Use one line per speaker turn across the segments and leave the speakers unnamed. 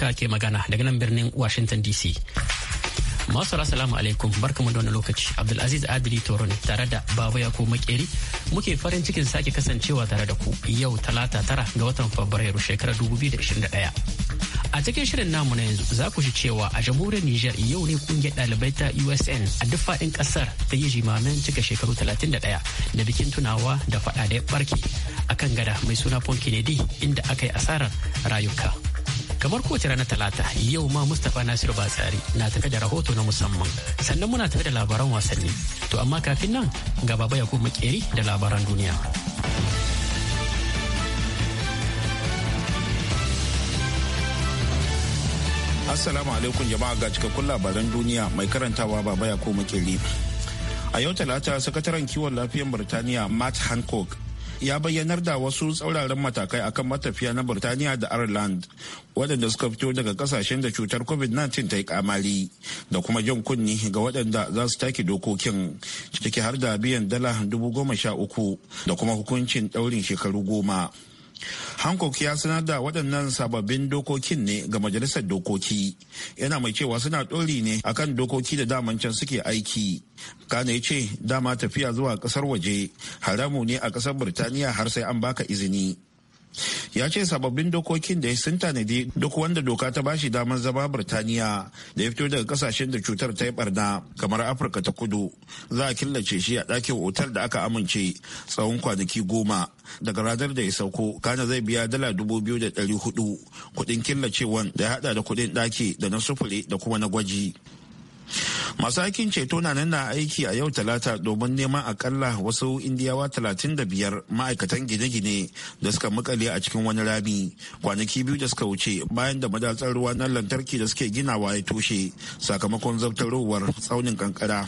Amurka ke magana daga nan birnin Washington DC. Masu salamu alaikum barkamu da wani lokaci Abdulaziz Adili Toron tare da Baba Yako Makeri muke farin cikin sake kasancewa tare da ku yau talata tara ga watan Fabrairu shekarar 2021. A cikin shirin namu na yanzu za ku shi cewa a jamhuriyar Nijar yau ne kungiyar ɗalibai ta USN a duk faɗin ƙasar ta yi jimamin cika shekaru 31 da da bikin tunawa da faɗa da ya barke akan gada mai suna Ponkinedi inda aka yi asarar rayuka. kamar kowace rana talata yau ma mustapha nasiru batsari na tafi da rahoto na musamman sannan muna tafi da labaran wasanni to amma kafin nan ga ya kuma makeri da labaran duniya
assalamu alaikum jama'a ga cikakkun labaran duniya mai karantawa baba ya ko makeri a yau talata sakataren kiwon lafiyan birtaniya matt hancock ya bayyanar da wasu tsauraran matakai akan matafiya na Burtaniya da Ireland waɗanda suka fito daga kasashen da cutar COVID-19 ta yi kamali da kuma jan kunni ga waɗanda za su take dokokin ciki har da biyan dala dubu goma sha uku da kuma hukuncin ɗaurin shekaru goma. hancock ya sanar da waɗannan sababbin dokokin ne ga majalisar dokoki yana mai cewa suna ɗori ne akan dokoki da daman can suke aiki kana ya ce dama tafiya zuwa ƙasar waje haramu ne a ƙasar birtaniya har sai an baka izini ya ce sababbin dokokin da ya sun tanadi duk wanda doka ta bashi damar zama birtaniya da ya fito daga kasashen da cutar ta yi barna kamar afirka ta kudu za a killace shi a ɗakin otal da aka amince tsawon kwanaki goma daga ranar da ya sauko kana zai biya dala dubu biyu da ɗari hudu kuɗin killacewan da ya haɗa da kuɗin ɗaki da na sufuri da kuma na gwaji masu aikin ceto na nan na aiki a yau talata domin neman akalla wasu indiyawa talatin da biyar ma'aikatan gine-gine da suka makale a cikin wani rami kwanaki biyu da suka wuce bayan da madatsar ruwa na lantarki da suke ginawa ya toshe sakamakon zabtarowar tsaunin kankara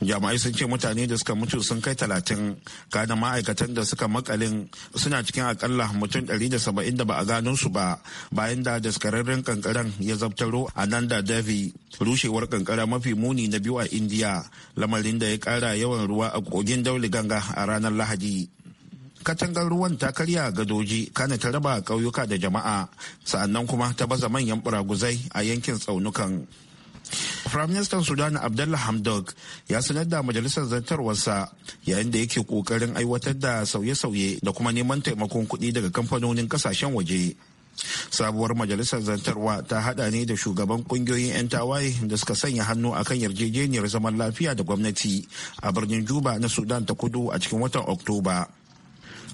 jama'ai sun ce mutane da suka mutu sun kai talatin kana ma'aikatan da suka makalin suna cikin akalla mutum ɗari da saba'in da ba a gano su ba bayan da daskararren kankaran ya zabtaro a nan da davi rushewar kankara mafi muni na biyu a indiya lamarin da ya kara yawan ruwa a kogin dauli ganga a ranar lahadi katangar ruwan ta karya gadoji kana ta raba ƙauyuka da jama'a sa'annan kuma ta baza manyan buraguzai a yankin tsaunukan Firaministan Sudan Abdullah Hamdok ya sanar da majalisar zartarwarsa yayin da yake kokarin aiwatar da sauye-sauye da kuma neman taimakon kuɗi daga kamfanonin kasashen waje. Sabuwar majalisar zartarwa ta hada ne da shugaban kungiyoyin 'yan tawaye da suka sanya hannu akan yarjejeniyar zaman lafiya da gwamnati a birnin Juba na Sudan ta kudu a cikin watan Oktoba.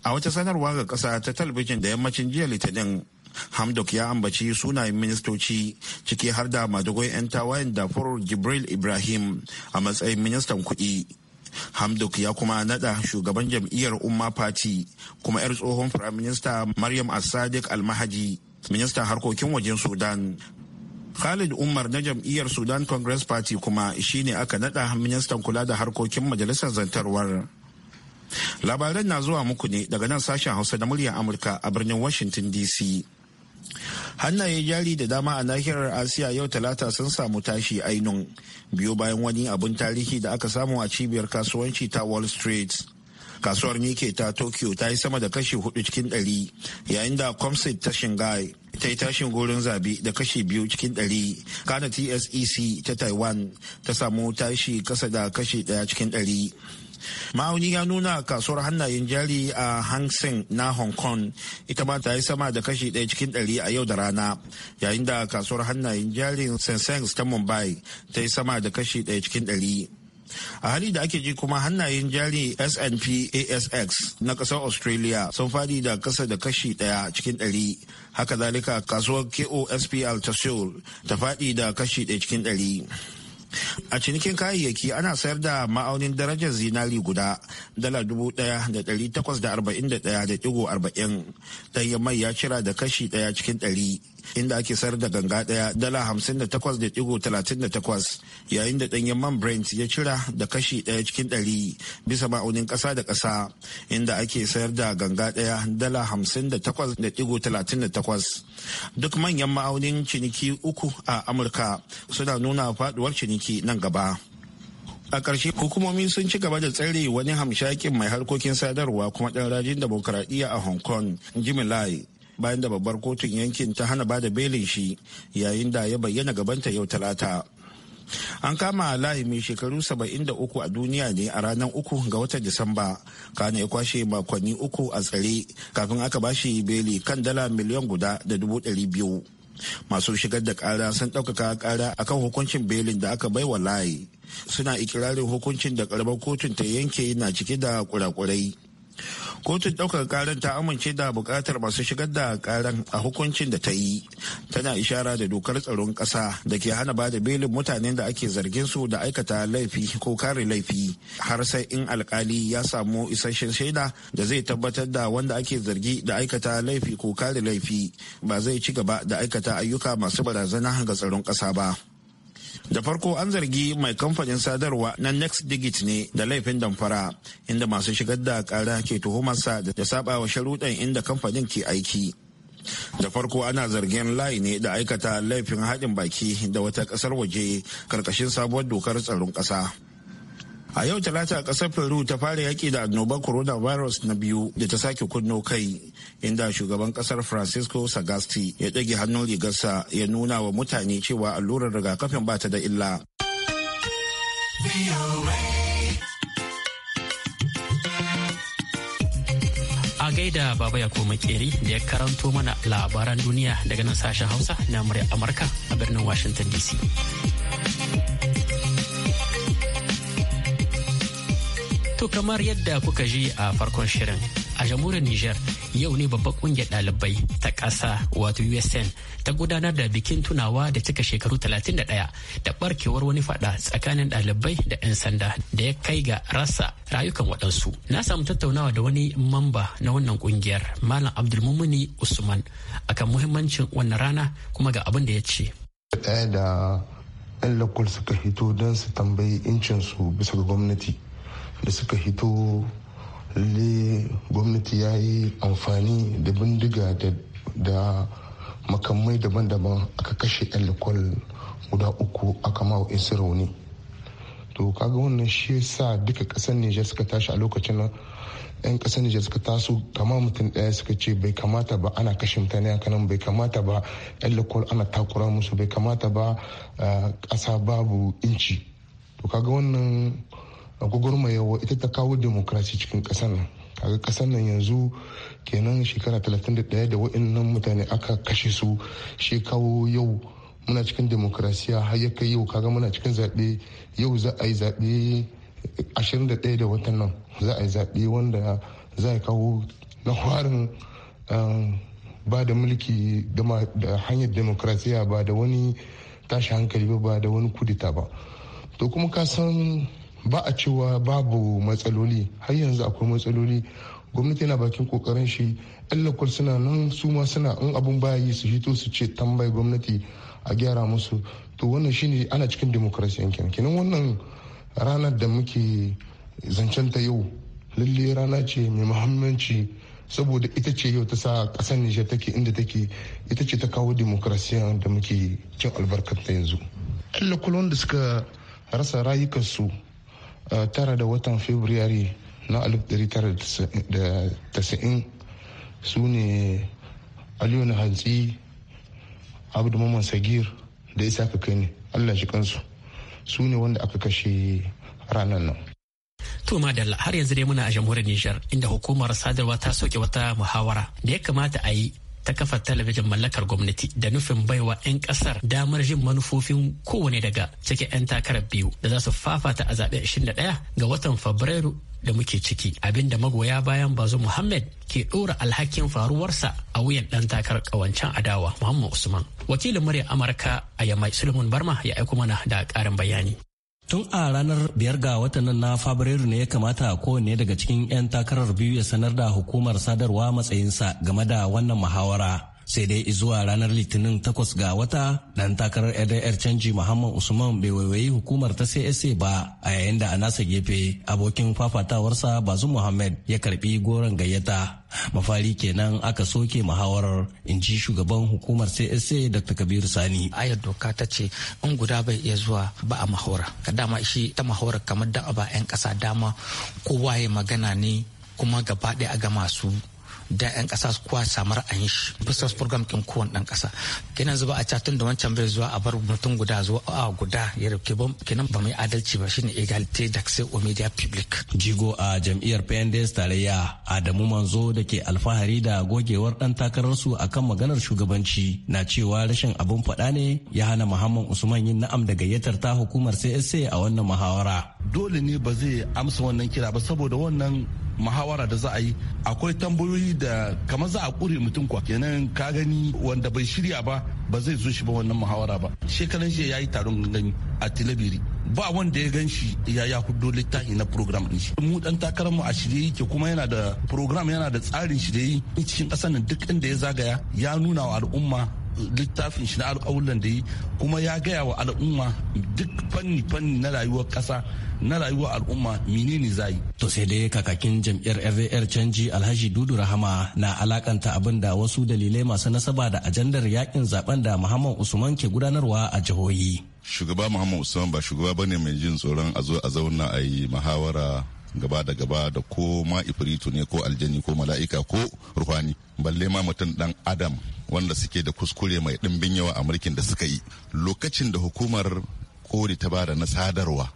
A wata sanarwa ga ƙasa ta talabijin da yammacin jiya Litinin, hamdok ya ambaci sunayen ministoci ciki har da madugoyi 'yan tawayen dafur jibril ibrahim a matsayin ministan kuɗi hamdok ya kuma nada shugaban jam'iyyar umma party kuma 'yar tsohon prime minister maryam asadik sadiq almahaji ministan harkokin wajen sudan Khalid Umar na jam'iyyar Sudan Congress Party kuma shine aka nada ministan kula da harkokin majalisar zantarwar. Labaran na zuwa muku ne daga nan sashen Hausa da muryar Amurka a birnin Washington DC. hannaye jari da dama a nahiyar asiya yau talata sun samu tashi ainun biyo bayan wani abin tarihi da aka samu a cibiyar kasuwanci ta wall street kasuwar nike ta tokyo ta yi sama da kashi hudu cikin dari yayin da comsit ta shanghai ta yi tashin gurin zabe da kashi biyu cikin dari kana tsec ta taiwan ta samu tashi kasa da kashi daya cikin dari ma'auni ya nuna kasuwar hannayen jari a hang na hong kong ita ma ta yi sama da kashi ɗaya cikin ɗari a yau da rana yayin da kasuwar hannayen jarin sensex ta mumbai ta yi sama da kashi ɗaya cikin ɗari a hali da ake ji kuma hannayen jari snp asx na kasar australia sun fadi da kasa da kashi daya cikin dari haka zalika kasuwar kospl ta seoul ta fadi da kashi daya cikin dari a cinikin kayayyaki ana sayar da ma'aunin darajar zinari guda dala dubu daya da dari takwas da arba'in da daya da digo arba'in ɗanyen mai ya cira da kashi daya cikin ɗari inda ake sayar da ganga daya dala hamsin da takwas da digo talatin da takwas yayin da danyen man brent ya cira da kashi daya cikin ɗari bisa ma'aunin ƙasa da ƙasa inda ake sayar da ganga daya dala hamsin da takwas da digo talatin da takwas duk manyan ma'aunin ciniki uku a amurka suna nuna faɗuwar ciniki nan gaba. a ƙarshe hukumomi sun ci gaba da tsare wani hamshakin mai harkokin sadarwa kuma ɗan rajin demokuraɗiyya a hong kong jimmy lai bayan da babbar kotun yankin ta hana bada belin shi yayin da ya bayyana gabanta yau talata an kama mai shekaru 73 a duniya ne a ranar uku ga watan disamba kana ya kwashe makonni uku a tsare kafin aka bashi beli kan dala miliyan guda da dubu ɗari biyu masu shigar da kara sun ɗaukaka kara akan hukuncin belin da aka baiwa layi suna ikirarin hukuncin da karamar kotun ta yanke na cike da kurakurai kotun ɗaukar karan ta amince da bukatar masu shigar da karan a hukuncin da ta yi tana ishara da dokar tsaron kasa da ke hana bada belin mutanen da ake zargin su da aikata laifi ko kare laifi har sai in alkali ya samu isasshen shaida da zai tabbatar da wanda ake zargi da aikata laifi ko kare laifi ba zai ci gaba da aikata ayyuka masu barazana ga tsaron kasa ba. da farko an zargi mai kamfanin sadarwa na next digit ne da laifin damfara inda masu shigar da kara ke tuhumarsa da saba wa sharuɗan inda kamfanin ke aiki da farko ana zargin layi ne da aikata laifin haɗin baki da wata ƙasar waje karkashin sabuwar dokar tsaron ƙasa a yau talata kasar peru ta fara yaki da annobar coronavirus na biyu da ta sake kunno kai inda shugaban kasar francisco sagasti ya ɗage hannun rigarsa ya nuna wa mutane cewa allurar rigakafin ba ta da illa
a gaida baba ya koma keri da ya karanto mana labaran duniya daga nan sashen hausa na murya amurka a birnin washington dc To kamar yadda kuka ji a farkon shirin a jamhuriyar Nijar yau ne babban kungiyar ɗalibai ta ƙasa wato USN ta gudanar da bikin tunawa da cika shekaru 31 da barkewar wani fada tsakanin ɗalibai da 'yan sanda da ya kai ga rasa rayukan waɗansu. Na samu tattaunawa da wani mamba na wannan kungiyar Malam Abdulmumuni Usman akan muhimmancin wannan rana kuma ga abin da ya ce.
Ɗaya da 'yan lakul suka fito don su tambayi incinsu bisa ga gwamnati. da suka hito le gwamnati ya yi amfani da bindiga da makamai daban-daban aka kashe elikwal guda uku aka ma su rauni to kaga wannan shi sa duka kasar nijar suka tashi a lokacin nan yan kasar nijar suka taso kama mutum daya suka ce bai kamata ba ana kashe mutane haka nan bai kamata ba yan lakwal ana takura musu bai kamata ba kasa ah, babu inci to kaga wannan gwagwarmayawa ita ta kawo demokrasi cikin kasar nan kaga kasar nan yanzu kenan shekara 31 da waɗannan mutane aka kashe su shi kawo yau muna cikin demokrasiya har ya kai yau kaga muna cikin zaɓe yau za a yi zaɓe 21 da watan nan za a yi zaɓe wanda za a kawo na harin um, ba da mulki da hanyar demokrasiya ba da wani tashi hankali ba ba da wani kudita ba to kuma ka san ba a cewa babu matsaloli har yanzu akwai matsaloli gwamnati yana bakin kokarin shi yan lokal suna nan su ma suna in abun baya yi su hito su ce tambayi gwamnati a gyara musu to wannan shine ana cikin demokrasiyan kenan kenan wannan ranar da muke zancen ta yau lalle rana ce mai muhammanci saboda ita ce yau ta sa kasar nijar take inda take ita ce ta kawo demokrasiya da muke cin albarkar ta yanzu yan lakwal wanda suka rasa rayukansu tara da watan february na 1990 su ne aliyu na hantsi abu sagir da isa ka kai ne allah shi kansu su ne wanda aka kashe ranar nan
To Madalla har yanzu dai muna a jamhuriyar Nijar inda hukumar sadarwa ta soke wata muhawara da ya kamata a yi ta kafa talabijin mallakar gwamnati da nufin baiwa 'yan kasar damar jin manufofin kowane daga cikin 'yan takarar biyu da za su fafata a zaɓe 21 ga watan fabrairu da muke ciki abinda magoya bayan bazo muhammad ke ɗora alhakin faruwarsa a wuyan ɗan takarar ƙawancen adawa muhammad usman wakilin murya amurka a yamai Suleiman barma ya aiko mana da ƙarin bayani tun a ranar biyar ga watan na fabrairu ne ya kamata kowanne daga cikin 'yan
takarar biyu ya sanar da hukumar sadarwa matsayinsa game da wannan muhawara sai dai zuwa ranar litinin takwas ga wata dan takarar ldr canji muhammad usman bai waiwayi hukumar ta csa ba a yayin da a nasa gefe abokin fafatawarsa bazu muhammad ya karbi goron gayyata mafari kenan aka soke muhawarar in ji shugaban hukumar csa dr kabiru sani ayar doka ta ce in guda bai iya zuwa ba a mahawara ka dama shi ta mahawara kamar da ba 'yan kasa dama kowa ya magana ne kuma gaba ɗaya a ga masu da 'yan kasa ƙasa samar a yin shi business program kin kowane ɗan kasa kenan zuba a catun da wancan bai zuwa a bar mutum guda zuwa a guda ya rauke ba kenan ba mai adalci ba shine egalite d'accès o media public jigo a jam'iyyar PNDS tarayya Adamu Manzo da ke alfahari da gogewar ɗan takararsu akan maganar shugabanci na cewa rashin abin faɗa ne ya hana Muhammad Usman yin na'am da gayyatar ta hukumar
CSA a wannan muhawara dole ne ba zai amsa wannan kira ba saboda wannan muhawara da za a yi akwai tambayoyi da kamar za a kure mutum kwa kenan ka gani wanda bai shirya ba ba zai zo shi ba wannan muhawara ba shekaran jiya ya yi taron gangami a tilabiri ba wanda ya gan shi ya ya hudo littafi na program din shi mu dan takarar mu a shirye yake kuma yana da program yana da tsarin shi da yi cikin kasar nan duk inda ya zagaya ya nuna wa al'umma littafin shi na alƙawulan da yi kuma ya gaya wa al'umma duk fanni fanni na rayuwar kasa na rayuwar al'umma menene zai to sai dai kakakin jam'iyyar
FAR canji Alhaji Dudu Rahama na alakanta abin da wasu dalilai masu nasaba da ajandar yakin zaben da Muhammad Usman ke gudanarwa a jihohi
shugaba Muhammad Usman ba shugaba bane mai jin tsoron a zo a zauna a yi muhawara gaba da gaba da ko ma ifritu ne ko aljani ko mala'ika ko ruhani balle ma mutum dan adam wanda suke da kuskure mai dimbin yawa a mulkin da suka yi lokacin da hukumar kori ta bada na sadarwa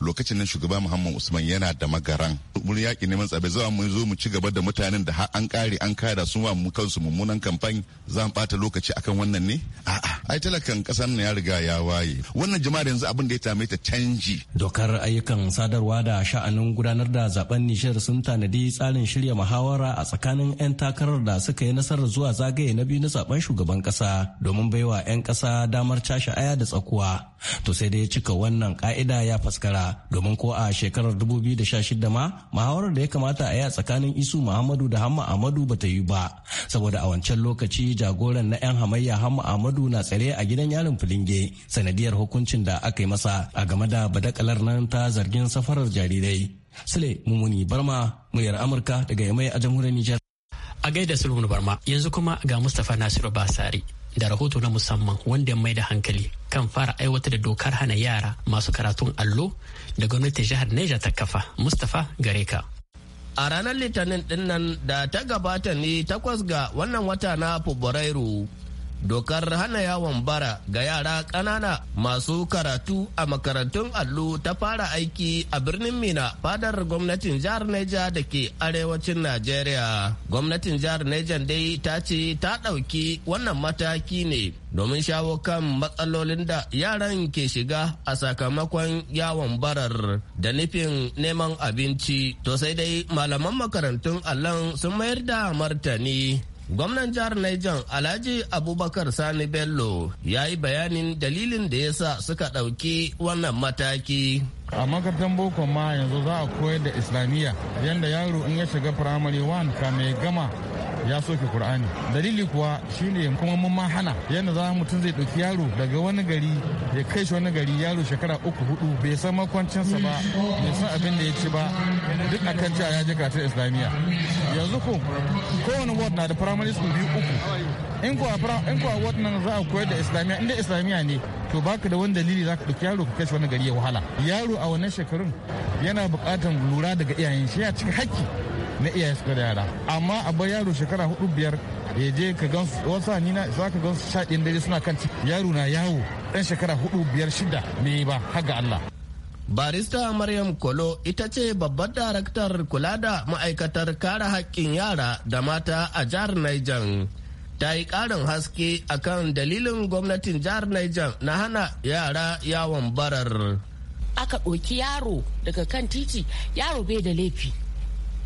lokacin nan shugaba muhammad usman yana da magaran mun yaki neman tsabe za mu zo mu ci gaba da mutanen da har an kare an kada sun wa mu kansu mummunan kamfani za mu bata lokaci akan wannan ne a'a ai talakan kasan ya riga ya waye wannan jama'a yanzu abin da ya tame ta canji
dokar ayyukan sadarwa da sha'anin gudanar da zaben nishar sun tanadi tsarin shirya muhawara a tsakanin 'yan takarar da suka yi nasarar zuwa zagaye na biyu na zaben shugaban kasa domin baiwa 'yan kasa damar cashe aya da tsakuwa to sai dai cika wannan ka'ida ya faskara domin ko a shekarar 2016 ma muhawarar da ya kamata a yi a tsakanin Isu Muhammadu da Hamma Ahmadu ba ta yi ba saboda a wancan lokaci jagoran na 'yan hamayya Hamma Ahmadu na tsare a gidan yarin Filinge sanadiyar hukuncin da aka yi masa a game da badakalar nan ta zargin safarar jarirai. Sule Mumuni Barma, muryar Amurka
daga Yamai a jamhuriyar Nijar. A gaida Sulhun Barma, yanzu kuma ga Mustapha Nasiru Basari da rahoto na musamman wanda ya mai da hankali kan fara aiwatar da dokar hana yara masu karatun allo da gwamnatin jihar Neja ta kafa Mustapha Gareka. A ranar
Litinin dinnan da ta gabata ne takwas ga wannan wata na Fabrairu dokar hana yawon bara ga yara ƙanana masu karatu a makarantun allo ta fara aiki a birnin mina fadar gwamnatin jihar neja da ke arewacin najeriya gwamnatin jihar neja dai ta ce ta ɗauki wannan mataki ne domin shawo kan matsalolin da yaran ke shiga a sakamakon yawon barar da nufin neman abinci to sai dai malaman makarantun allon sun mayar da martani Gwamnan jihar Niger Alhaji Abubakar Sani Bello ya yi bayanin dalilin da ya sa suka ɗauki wannan
mataki. a makarantar boko ma yanzu za a koyar da islamiyya yadda yaro in ya shiga firamare 1 ka mai gama ya soke Kur'ani. Dalili kuwa shine kuma mun ma hana yadda za mutum zai ɗauki yaro daga wani gari ya kai shi wani gari yaro shekara uku hudu bai san makwancinsa ba bai san abin da ya ci ba duk akan cewa ya je karatun islamiyya yanzu ko kowane ward na da primary school biyu uku in kuwa ward nan za a koyar da islamiyya inda islamiyya ne to baka da wani dalili za ka ɗauki yaro ka kai shi wani gari ya wahala yaro a wannan shekarun yana buƙatar lura daga iyayen shi ya cika hakki na iyaye suka da yara amma a bar yaro shekara hudu biyar ya je ka gan wasu ni za ka gan su sha dare suna kan yaro na yawo dan shekara hudu biyar shida
me ba haga Allah
Barista Maryam Kolo ita ce babbar daraktar kula da ma'aikatar kare haƙƙin yara da mata a jihar Niger. Ta yi ƙarin haske akan dalilin gwamnatin jihar Niger na hana yara yawon barar.
Aka ɗoki yaro daga kan titi, yaro bai da laifi.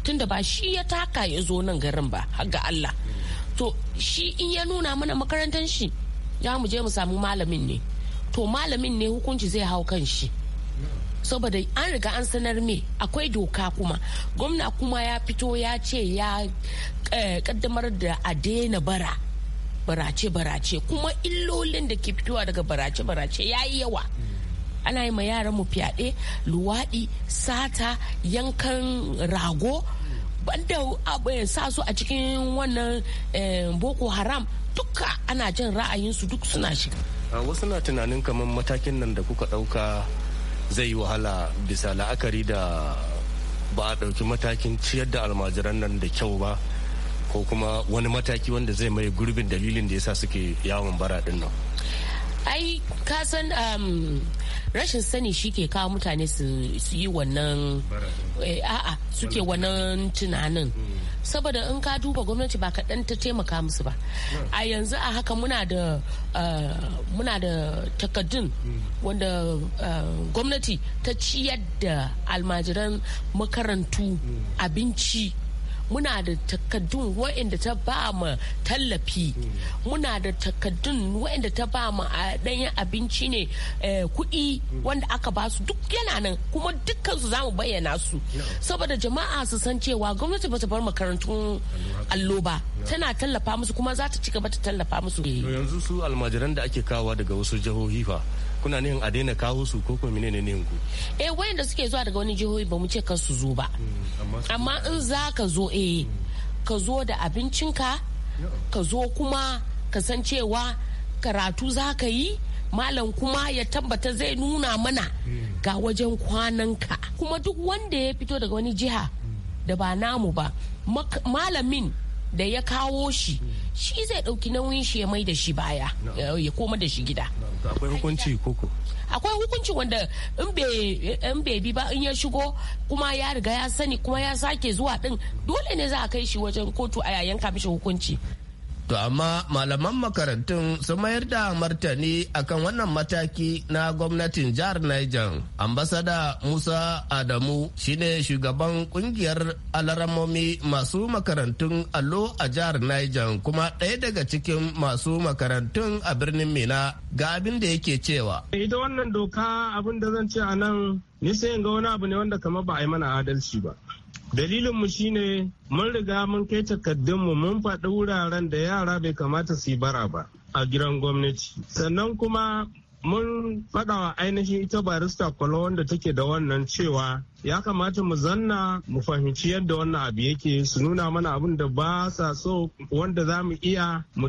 Tun da ba shi ya taka ya zo nan garin ba har ga Allah to shi in ya nuna mana makarantar shi ya mu je mu samu malamin ne to malamin ne hukunci zai hau kan shi saboda an riga an sanar me akwai doka kuma gwamna kuma ya fito ya ce ya eh, kaddamar da a daina bara barace barace kuma illolin da ke fitowa daga barace barace ya yi yawa ana yi ma yaran mu fyaɗe luwaɗi sata yankan rago banda eh, sa su a cikin wannan eh, boko haram duka ana jin ra'ayinsu duk suna shiga
wasu na tunanin kamar matakin nan da kuka ɗauka zai yi wahala bisa la'akari da ba a ɗauki matakin ciyar da almajiran nan da kyau ba ko kuma wani mataki wanda zai mai gurbin dalilin da yasa suke yawon bara ɗin nan
ai kasan um, rashin sani shi ke kawo mutane su yi wannan eh, a'a suke wannan tunanin saboda in ka duba gwamnati ba kaɗan ta taimaka musu ba a yanzu a haka muna da eh, muna da takaddun wanda eh, gwamnati ta ciyar da almajiran makarantu abinci muna da takaddun wa'inda ta ba mu tallafi muna da takaddun wa'inda ta ba mu a ɗanyen abinci ne eh, kuɗi wanda aka ba su duk yana nan kuma dukkansu su mu bayyana su saboda jama'a su san cewa gwamnati ba ta bar makarantun allo ba tana tallafa musu kuma za ta ci gaba ta tallafa musu
yanzu su almajiran da ake kawo daga wasu jihohi fa kuna nihin a daina kawo su ko kuma menene ne
ku
eh wayanda suke zuwa daga wani jihohi ba mu ce kar su zo ba amma in za ka zo eh ka zo da abincin ka Ka zo kuma ka san cewa karatu za ka yi malam kuma ya tabbata zai nuna mana ga wajen kwanan ka. kuma duk wanda ya fito daga wani jiha da ba namu ba malamin da ya kawo shi shi zai dauki nauyin shi ya mai da shi baya ya koma da shi gida
akwai hukunci koko
akwai hukunci wanda in bai bi ba in ya shigo kuma ya riga ya sani kuma ya sake zuwa din dole ne za a kai shi wajen kotu a yayin mishi hukunci
To amma malaman makarantun sun mayar da martani akan wannan mataki na gwamnatin jihar Niger. Ambasada Musa Adamu shine shugaban kungiyar alaramomi masu makarantun allo a jihar Niger kuma ɗaya daga cikin masu
makarantun a birnin Mina ga abin da yake cewa. Ita wannan doka abin da zan ce a nan sai ga wani abu ne wanda kamar ba a yi mana adalci ba. Dalilinmu shine mun riga mun kai takardunmu mun faɗi wuraren da yara bai kamata su yi bara ba a gidan gwamnati. Sannan kuma mun faɗawa ainihin ita barista kwalo wanda take da wannan cewa ya kamata mu zanna mu fahimci yadda wannan abu yake su nuna mana abin da ba sa so wanda za mu iya mu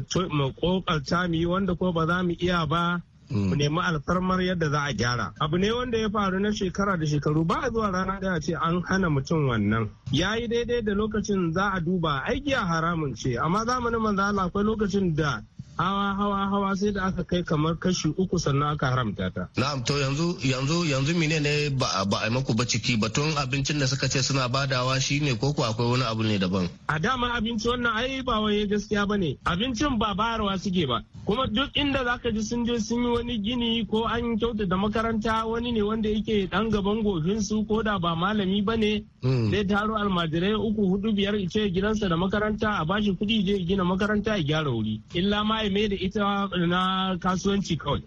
kokarta mu yi wanda ko ba za mu iya ba ku mm. nemi alfarmar yadda za a gyara abu ne wanda ya faru na shekara da shekaru ba a zuwa rana daya ce an hana mutum wannan ya yi daidai da lokacin za a duba aiki a haramun ce amma zamanin maza akwai lokacin da hawa hawa hawa sai da aka kai kamar kashi uku sannan aka haramta ta. Na'am to yanzu yanzu yanzu mine ne
ba ba a maku ba ciki batun abincin da suka ce suna badawa shi ne ko akwai wani abu
ne daban. A dama abinci wannan ai ba wai gaskiya bane abincin ba bayarwa suke ba kuma duk inda zaka ji sun je sun yi wani gini ko an kyautata makaranta wani ne wanda yake dan gaban gofinsu ko da ba malami ba ne hmm. zai taro almajirai uku hudu biyar ce gidansa da makaranta a bashi kudi je gina makaranta ya gyara wuri illa ma mai da ita na kasuwanci kawai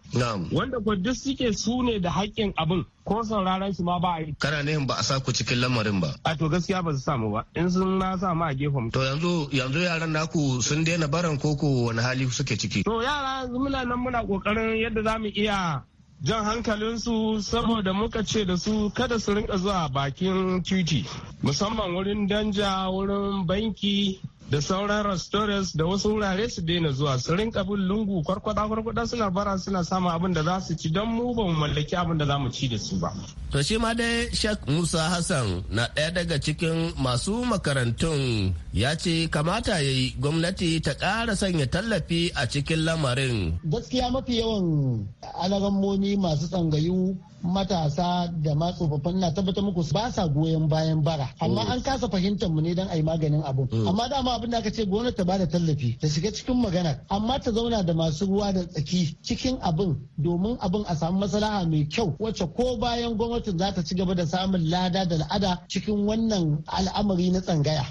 wanda ko duk suke su ne da haƙƙin abin ko sauraron shi ma ba a yi. Kana nihin ba a sa ku cikin lamarin ba. A to gaskiya ba su samu ba in sun na sa ma
a gefen. To yanzu yanzu yaran naku sun daina baran koko wani hali suke ciki. To
yara yanzu muna nan muna kokarin yadda za mu iya jan hankalinsu saboda muka ce da su kada su rinka zuwa bakin titi musamman wurin danja wurin banki da sauran restaurants da wasu wurare su daina zuwa su rinka bin lungu kwarkwada kwarkwada suna bara suna samun abin da za su ci don mu ba mu mallaki abin da za mu ci da su ba. To shi ma dai shek Musa Hassan na ɗaya daga cikin masu makarantun
ya ce kamata ya yi gwamnati ta ƙara sanya tallafi a cikin lamarin.
Gaskiya mafi yawan alarammomi masu tsangayu matasa da ma tsofaffin na tabbata muku ba sa goyon bayan bara amma mm. an kasa fahimtar mu ne don a yi maganin abu. Mm. amma dama abin da aka ce gwamnati ta bada tallafi ta shiga cikin magana amma ta zauna da masu ruwa da tsaki cikin abin domin abin a samu maslaha mai kyau wacce ko bayan gwamnatin za ta ci gaba da samun lada da al'ada cikin wannan al'amari na tsangaya.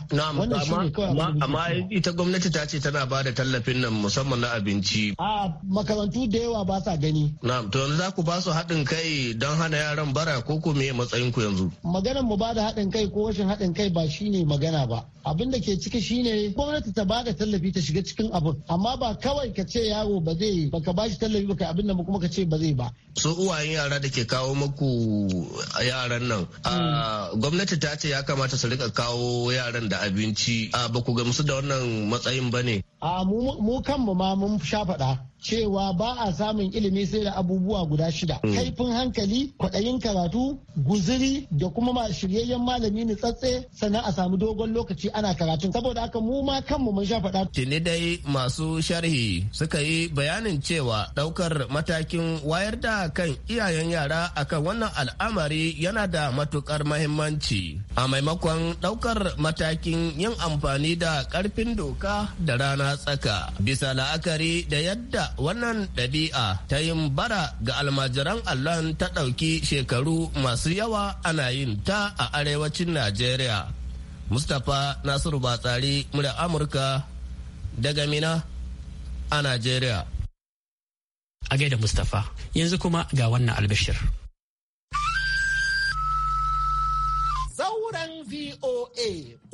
amma
ita gwamnati ta ce tana bada tallafin nan musamman na abinci.
a makarantu da yawa ba sa gani.
na'am to yanzu za ku ba su haɗin kai don hana yaran bara ko ko me matsayin ku yanzu.
maganar mu ba da haɗin kai ko rashin haɗin kai ba shine magana ba abin da ke ciki shine Eh, gwamnati ta bada tallafi ta shiga cikin abin amma ba kawai ka ce yaro ba zai baka ba shi tallafi ba kai abin da kuma ka ce ba zai ba
so uwayen yara da ke kawo maku yaran nan hmm. gwamnati ta ce ya kamata su rika kawo yaran da abinci ba ku gamsu da wannan matsayin ba ne
a mu kanmu ma mun sha faɗa cewa ba a samun ilimi sai da abubuwa guda shida hmm. kaifin hankali kwaɗayin karatu guziri da kuma ma shiryayyen malami ni tsatse sannan a samu dogon lokaci ana karatu saboda haka mu ma kanmu mun sha faɗa.
tuni dai masu sharhi suka yi bayanin cewa ɗaukar matakin wayar da kan iyayen yara akan wannan al'amari yana da matukar mahimmanci a maimakon ɗaukar matakin yin amfani da ƙarfin doka da rana tsaka bisa la'akari da yadda wannan ɗabi'a ta yin bara ga almajiran allon ta ɗauki shekaru masu yawa ana yin ta a arewacin najeriya mustapha nasiru batsari murya amurka daga mina a najeriya
a gaida mustapha yanzu kuma ga wannan albishir
zauren voa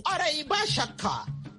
ƙwarai ba shakka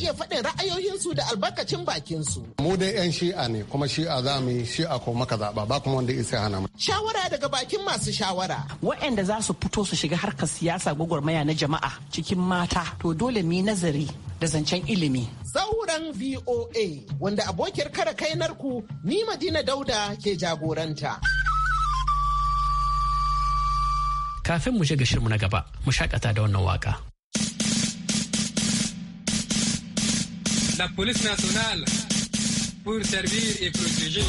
iya faɗin ra'ayoyinsu da albarkacin bakinsu.
Mu dai 'yan shi'a ne kuma shi'a
za mu yi shi'a ko maka zaɓa ba kuma wanda isa hana mu. Shawara daga bakin masu shawara. Waɗanda za su fito su shiga harkar siyasa gwagwarmaya na jama'a cikin mata to dole mu yi nazari da zancen ilimi. Zauren VOA wanda abokiyar kare kainarku ni Madina Dauda ke jagoranta.
Kafin mu shiga shirmu na gaba, mu shakata da wannan waka.
la police nationale pour servir et protéger.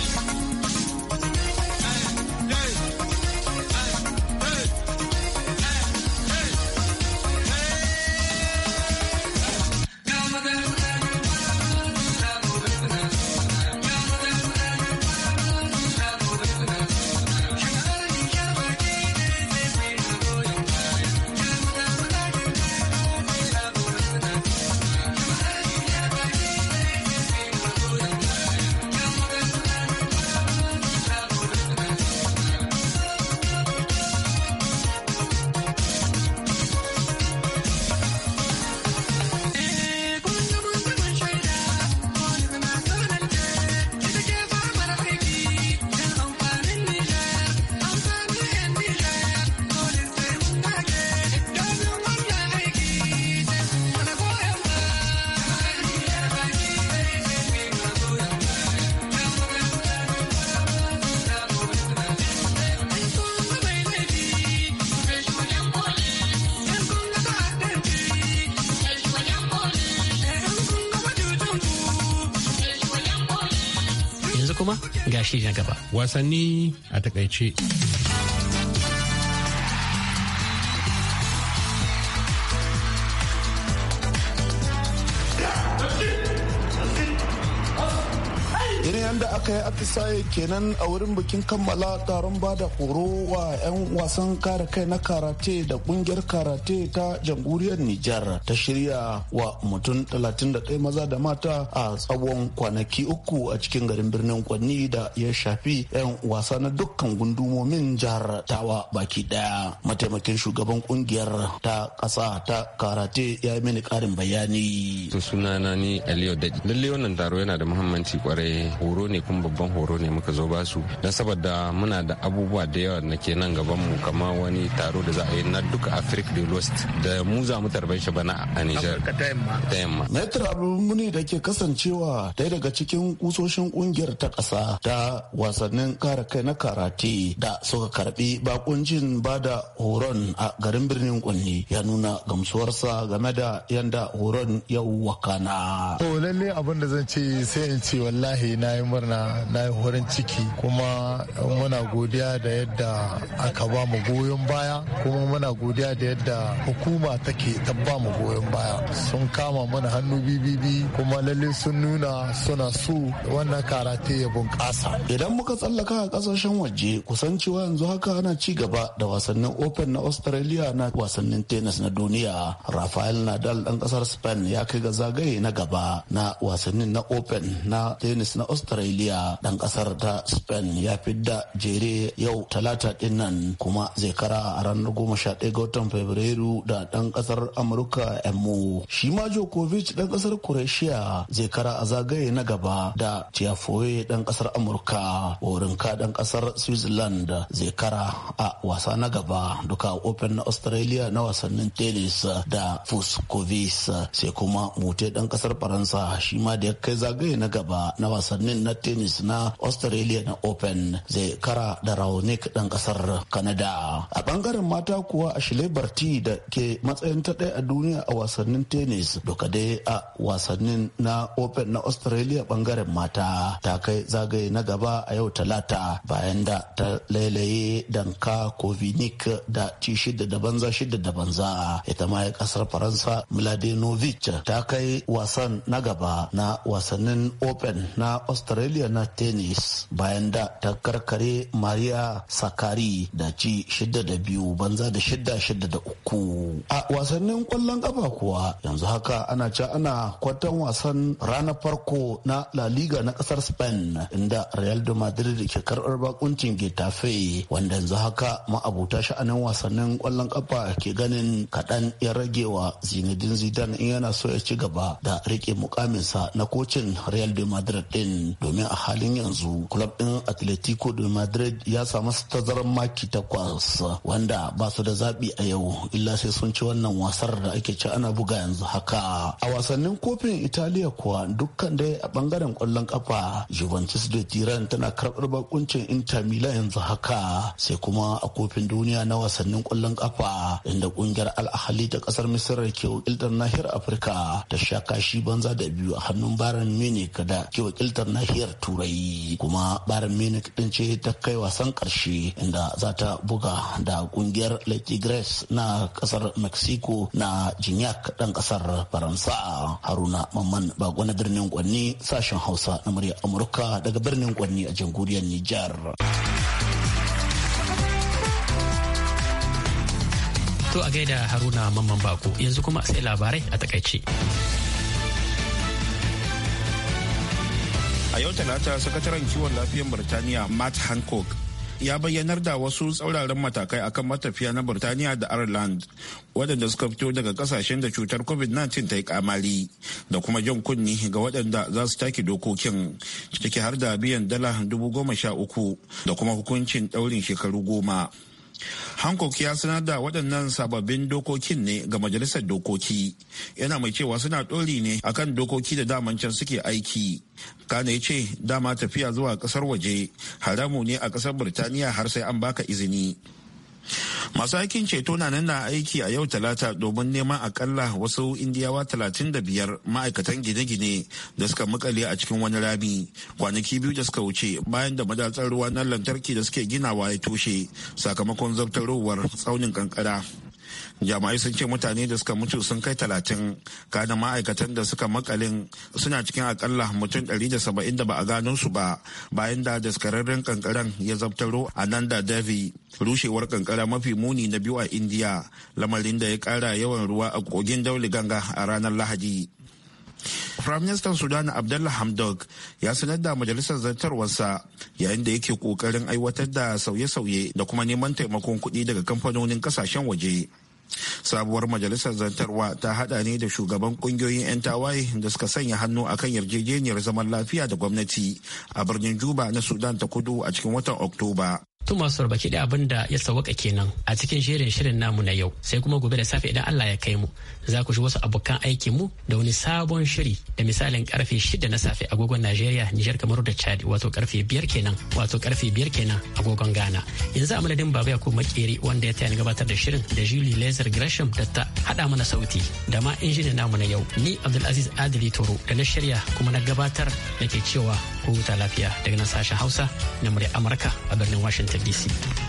shi na gaba wasanni a takaice
isaye kenan a wurin bikin kammala taron bada horo wa 'yan wasan kare kai na karate da kungiyar karate ta jamhuriyar Nijar ta shirya wa mutum 31 maza da mata a tsawon kwanaki uku a cikin garin birnin Kwanni da ya shafi 'yan wasa na dukkan gundumomin jihar Tawa baki daya. Mataimakin shugaban kungiyar ta ƙasa ta karate ya yi mini ƙarin bayani.
sunana ni Aliyu Daji. Lalle wannan taro yana da muhimmanci kwarai horo ne kuma babban neman horo ne muka zo ba su don saboda muna da abubuwa da yawa da ke nan gaban mu kamar wani taro da za a yi na duka Africa de Lost da mu za mu tarban shi bana a nijar. Ta
yamma. Maitar da ke kasancewa ɗaya daga cikin kusoshin kungiyar ta ƙasa ta wasannin kare kai na karate da suka karbi bakuncin da horon a garin birnin kunni ya nuna gamsuwarsa game da yanda horon ya
wakana. To lalle abin da zan ce sai in ce wallahi na yi murna na yi ciki kuma muna godiya da yadda aka ba mu goyon baya kuma muna godiya da yadda hukuma take ta ba mu goyon baya sun kama mana hannu bibibi kuma lalle sun nuna suna su wannan karate ya bunƙasa
idan muka tsallaka a kasashen waje kusan cewa yanzu haka ana ci gaba da wasannin open na australia na wasannin tennis na duniya rafael nadal ɗan ƙasar spain ya kai ga zagaye na gaba na wasannin na open na tennis na australia dan kasar ta Spain ya fidda jere yau talata ɗin kuma zai kara a ranar goma sha ɗaya ga watan Fabrairu da dan kasar Amurka mo Shi ma jokovic dan kasar Croatia zai kara a zagaye na gaba da Tiafoe dan kasar Amurka. Orinka dan kasar Switzerland zai kara a wasa na gaba duka Open na Australia na wasannin tennis da Fuskovic sai kuma Mute dan kasar Faransa shi ma da ya kai zagaye na gaba na wasannin na tennis na na Australian Open zai kara da Raonic ɗan ƙasar Canada. A ɓangaren mata kuwa Ashley Barty da ke matsayin ta ɗaya a duniya a wasannin tennis doka dai a wasannin na Open na Australia ɓangaren mata ta kai zagaye na gaba a yau talata bayan da ta lailaye danka kovinik da ci shida da banza shida da banza ita ma ya kasar faransa mladenovic ta kai wasan na gaba na wasannin open na australia na tennis bayan da ta karkare maria sakari da ci shida da biyu banza da shida shida da uku a wasannin kwallon kafa kuwa yanzu haka ana ci ana kwatan wasan ranar farko na la liga na kasar spain inda real de madrid ke karbar bakuncin getafe wanda yanzu haka ma'abuta sha'anin wasannin kwallon kafa ke ganin kaɗan ya rage wa zinedine zidane in yana so ya ci gaba da rike mukaminsa na kocin real de madrid din domin a halin halin yanzu club din atletico de madrid ya samu tazarar maki takwas wanda ba su da zaɓi a yau illa sai sun ci wannan wasar da ake ci ana buga yanzu haka a wasannin kofin italiya kuwa dukkan dai a bangaren kwallon kafa juventus da tiran tana karɓar bakuncin inter milan yanzu haka sai kuma a kofin duniya na wasannin kwallon kafa inda kungiyar al'ahali ta kasar misir ke wakiltar nahiyar afirka ta sha kashi banza da biyu a hannun baran munich da ke wakiltar nahiyar turai yi kuma bar munich din ce ta kai wasan karshe inda za ta buga da kungiyar lake grace na kasar mexico na jinyak dan kasar faransa haruna mamman ba na birnin kwanni sashen hausa na murya amurka daga birnin kwanni a jamhuriyar nijar
To a gaida Haruna Mamman Bako yanzu kuma sai labarai a takaice.
a yau talata sakataren kiwon lafiyar birtaniya matt hancock ya bayyanar da wasu tsauraran matakai akan matafiya na birtaniya da Ireland waɗanda suka fito daga ƙasashen da cutar COVID-19 ta yi kamali da kuma jan kunni ga waɗanda za su take dokokin ciki har da biyan dala dubu goma sha uku da kuma hukuncin ɗaurin shekaru goma. hancock ya sanar da waɗannan sababbin dokokin ne ga majalisar dokoki yana mai cewa suna ɗori ne akan dokoki da daman can suke aiki kana ya ce dama tafiya zuwa ƙasar waje haramu ne a ƙasar birtaniya har sai an baka izini masu aikin ceto na nan aiki a yau talata domin neman akalla wasu indiyawa talatin da biyar ma'aikatan gine-gine da suka makale a cikin wani rami kwanaki biyu da suka wuce bayan da madatsar ruwa na lantarki da suke ginawa ya toshe sakamakon zabtarowar tsaunin kankara jama'ai sun ce mutane da suka mutu sun kai talatin kana ma'aikatan da suka makalin suna cikin akalla mutum ɗari da saba'in da ba a gano su ba bayan da daskararren kankaran ya zabtaro a nan da davi rushewar kankara mafi muni na biyu a indiya lamarin da ya kara yawan ruwa a kogin dauli ganga a ranar lahadi Firaministan Sudan Abdullah Hamdok ya sanar da majalisar zartarwarsa yayin da yake kokarin aiwatar da sauye-sauye da kuma neman taimakon kuɗi daga kamfanonin kasashen waje. Sabuwar majalisar zartarwa ta hada ne da shugaban kungiyoyin 'yan tawaye da suka sanya hannu a kan yarjejeniyar zaman lafiya da gwamnati a birnin Juba na Sudan
ta kudu a cikin watan Oktoba. to masu baki da abin da ya sauwaka kenan a cikin shirin shirin namu na yau sai kuma gobe da safe idan Allah ya kai mu za ku shi wasu abokan aikin mu da wani sabon shiri da misalin karfe shida na safe agogon Najeriya Nijar Kamaru da Chad wato karfe biyar kenan wato karfe biyar kenan agogon Ghana yanzu a madadin Baba Yakubu Makeri wanda ya tayar gabatar da shirin da Julie laser Gresham da ta hada mana sauti da ma injinin namu na yau ni Abdulaziz Adili Toro da na shirya kuma na gabatar nake cewa ku huta lafiya daga nan sashen Hausa na murya Amurka a birnin Washington Washington,